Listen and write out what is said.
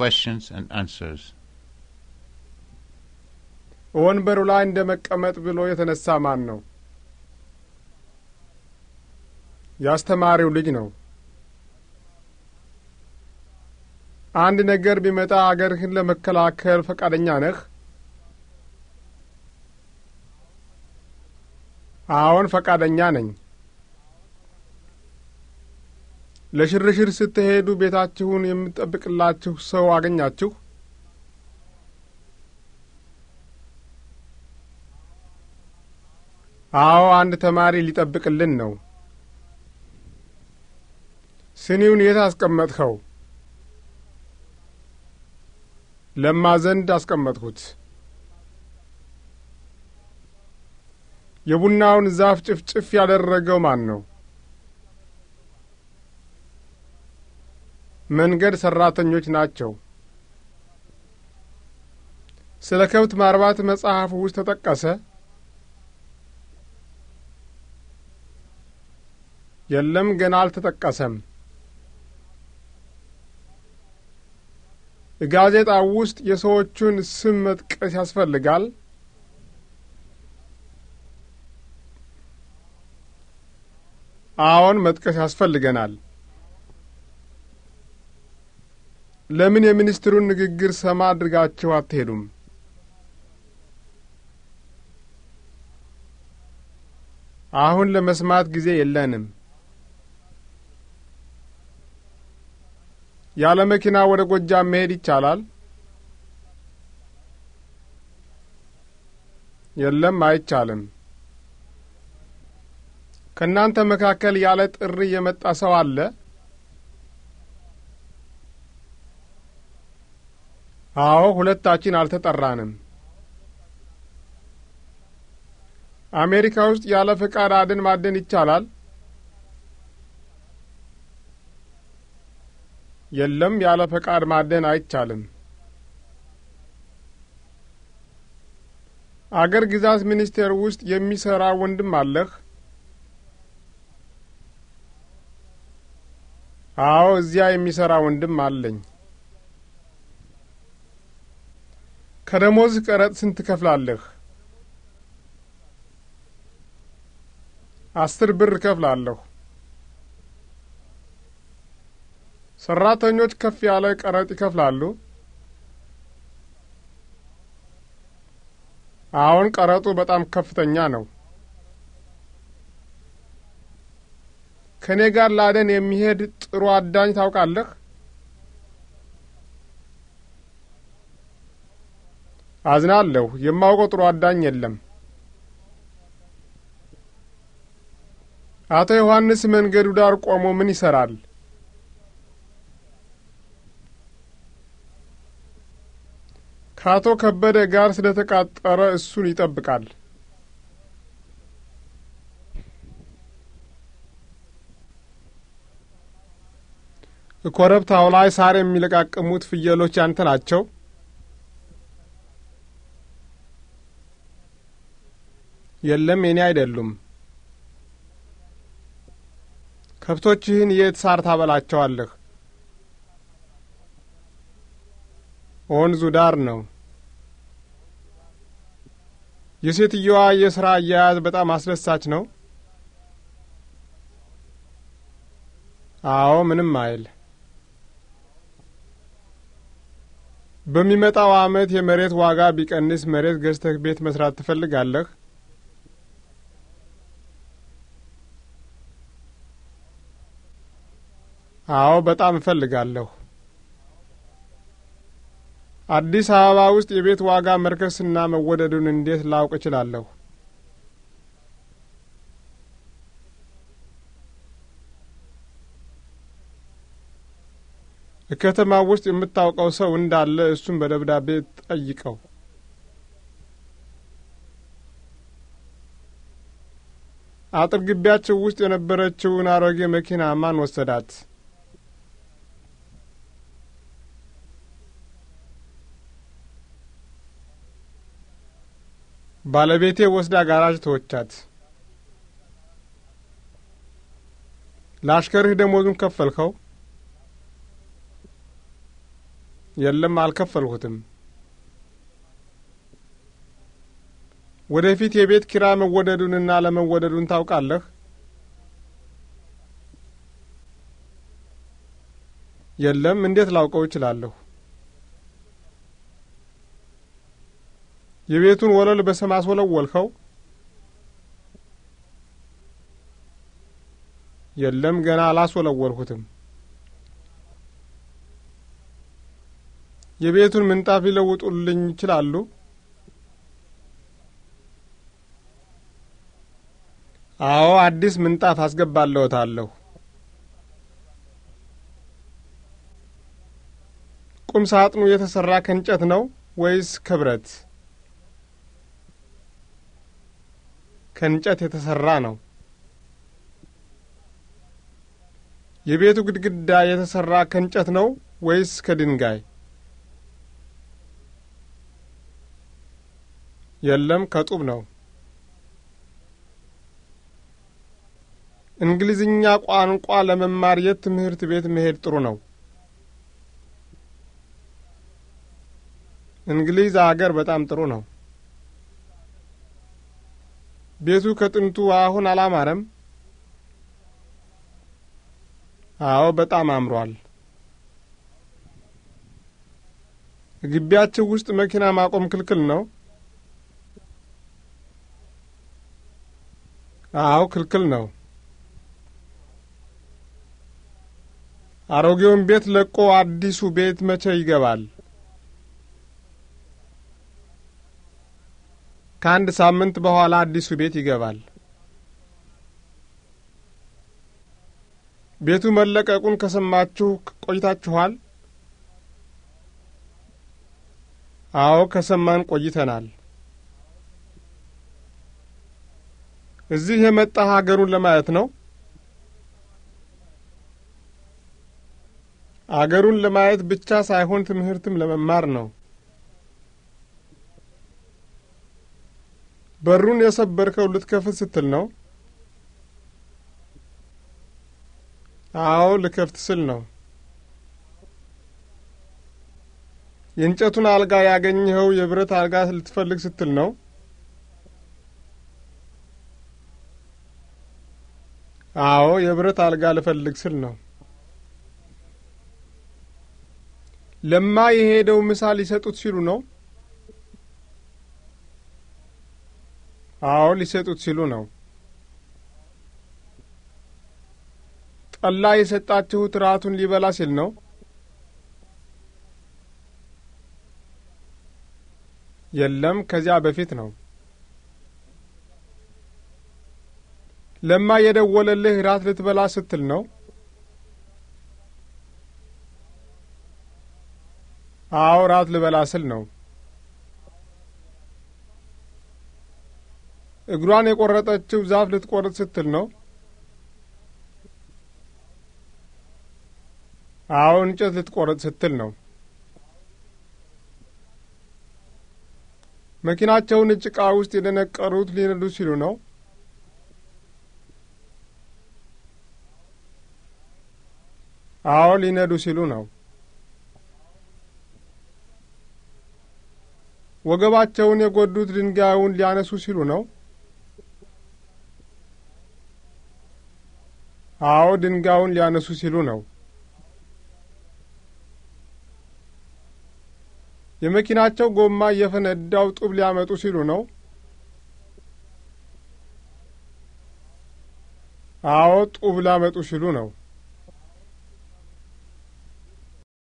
questions and answers. ወንበሩ ላይ እንደ መቀመጥ ብሎ የተነሳ ማን ነው? ያስተማሪው ልጅ ነው። አንድ ነገር ቢመጣ አገርህን ለመከላከል ፈቃደኛ ነህ? አዎን፣ ፈቃደኛ ነኝ። ለሽርሽር ስትሄዱ ቤታችሁን የምጠብቅላችሁ ሰው አገኛችሁ? አዎ፣ አንድ ተማሪ ሊጠብቅልን ነው። ስኒውን የት አስቀመጥኸው? ለማ ዘንድ አስቀመጥሁት። የቡናውን ዛፍ ጭፍጭፍ ያደረገው ማን ነው? መንገድ ሠራተኞች ናቸው። ስለ ከብት ማርባት መጽሐፉ ውስጥ ተጠቀሰ? የለም፣ ገና አልተጠቀሰም። ጋዜጣ ውስጥ የሰዎቹን ስም መጥቀስ ያስፈልጋል? አዎን፣ መጥቀስ ያስፈልገናል። ለምን የሚኒስትሩን ንግግር ሰማ አድርጋችሁ አትሄዱም? አሁን ለመስማት ጊዜ የለንም። ያለ መኪና ወደ ጎጃም መሄድ ይቻላል? የለም፣ አይቻልም። ከእናንተ መካከል ያለ ጥሪ የመጣ ሰው አለ? አዎ፣ ሁለታችን አልተጠራንም። አሜሪካ ውስጥ ያለ ፍቃድ አድን ማደን ይቻላል? የለም፣ ያለ ፈቃድ ማደን አይቻልም። አገር ግዛት ሚኒስቴር ውስጥ የሚሰራ ወንድም አለህ? አዎ፣ እዚያ የሚሰራ ወንድም አለኝ። ከደሞዝ ቀረጥ ስንት ትከፍላለህ? አስር ብር እከፍላለሁ። ሰራተኞች ከፍ ያለ ቀረጥ ይከፍላሉ? አሁን ቀረጡ በጣም ከፍተኛ ነው። ከእኔ ጋር ላደን የሚሄድ ጥሩ አዳኝ ታውቃለህ? አዝናለሁ። የማውቀው ጥሩ አዳኝ የለም። አቶ ዮሐንስ መንገዱ ዳር ቆሞ ምን ይሰራል? ከአቶ ከበደ ጋር ስለተቃጠረ እሱን ይጠብቃል። ኮረብታው ላይ ሳር የሚለቃቅሙት ፍየሎች ያንተ ናቸው? የለም የኔ አይደሉም። ከብቶችህን የት ሳር ታበላቸዋለህ? ወንዙ ዳር ነው። የሴትየዋ የሥራ አያያዝ በጣም አስደሳች ነው። አዎ፣ ምንም አይል። በሚመጣው ዓመት የመሬት ዋጋ ቢቀንስ መሬት ገዝተህ ቤት መስራት ትፈልጋለህ? አዎ፣ በጣም እፈልጋለሁ። አዲስ አበባ ውስጥ የቤት ዋጋ መርከስና መወደዱን እንዴት ላውቅ እችላለሁ? እከተማ ውስጥ የምታውቀው ሰው እንዳለ እሱን በደብዳቤ ጠይቀው። አጥር ግቢያቸው ውስጥ የነበረችውን አሮጌ መኪና ማን ወሰዳት? ባለቤቴ ወስዳ ጋራዥ ተወቻት። ለአሽከርህ ደሞዙን ከፈልከው? የለም አልከፈልሁትም። ወደፊት የቤት ኪራይ መወደዱንና ለመወደዱን ታውቃለህ? የለም እንዴት ላውቀው እችላለሁ? የቤቱን ወለል በሰም አስወለወልከው የለም ገና አላስወለወልሁትም። የቤቱን ምንጣፍ ሊለውጡልኝ ይችላሉ? አዎ አዲስ ምንጣፍ አስገባለሁታለሁ። ቁም ሳጥኑ የተሰራ ከእንጨት ነው ወይስ ከብረት? ከእንጨት የተሠራ ነው። የቤቱ ግድግዳ የተሠራ ከእንጨት ነው ወይስ ከድንጋይ? የለም፣ ከጡብ ነው። እንግሊዝኛ ቋንቋ ለመማር የት ትምህርት ቤት መሄድ ጥሩ ነው? እንግሊዝ አገር በጣም ጥሩ ነው። ቤቱ ከጥንቱ አሁን አላማረም? አዎ፣ በጣም አምሯል። ግቢያችሁ ውስጥ መኪና ማቆም ክልክል ነው? አዎ፣ ክልክል ነው። አሮጌውን ቤት ለቆ አዲሱ ቤት መቼ ይገባል? ከአንድ ሳምንት በኋላ አዲሱ ቤት ይገባል። ቤቱ መለቀቁን ከሰማችሁ ቆይታችኋል? አዎ ከሰማን ቆይተናል። እዚህ የመጣ ሀገሩን ለማየት ነው። አገሩን ለማየት ብቻ ሳይሆን ትምህርትም ለመማር ነው። በሩን የሰበርከው ልትከፍት ስትል ነው? አዎ ልከፍት ስል ነው። የእንጨቱን አልጋ ያገኘኸው የብረት አልጋ ልትፈልግ ስትል ነው? አዎ የብረት አልጋ ልፈልግ ስል ነው። ለማ የሄደው ምሳ ሊሰጡት ሲሉ ነው? አዎ ሊሰጡት ሲሉ ነው። ጠላ የሰጣችሁት ራቱን ሊበላ ሲል ነው። የለም ከዚያ በፊት ነው። ለማ የደወለልህ ራት ልትበላ ስትል ነው። አዎ ራት ልበላ ስል ነው። እግሯን የቆረጠችው ዛፍ ልትቆርጥ ስትል ነው? አዎ፣ እንጨት ልትቆርጥ ስትል ነው። መኪናቸውን ጭቃ ውስጥ የደነቀሩት ሊነዱ ሲሉ ነው? አዎ፣ ሊነዱ ሲሉ ነው። ወገባቸውን የጎዱት ድንጋዩን ሊያነሱ ሲሉ ነው? አዎ ድንጋዩን ሊያነሱ ሲሉ ነው። የመኪናቸው ጎማ የፈነዳው ጡብ ሊያመጡ ሲሉ ነው። አዎ ጡብ ላመጡ ሲሉ ነው።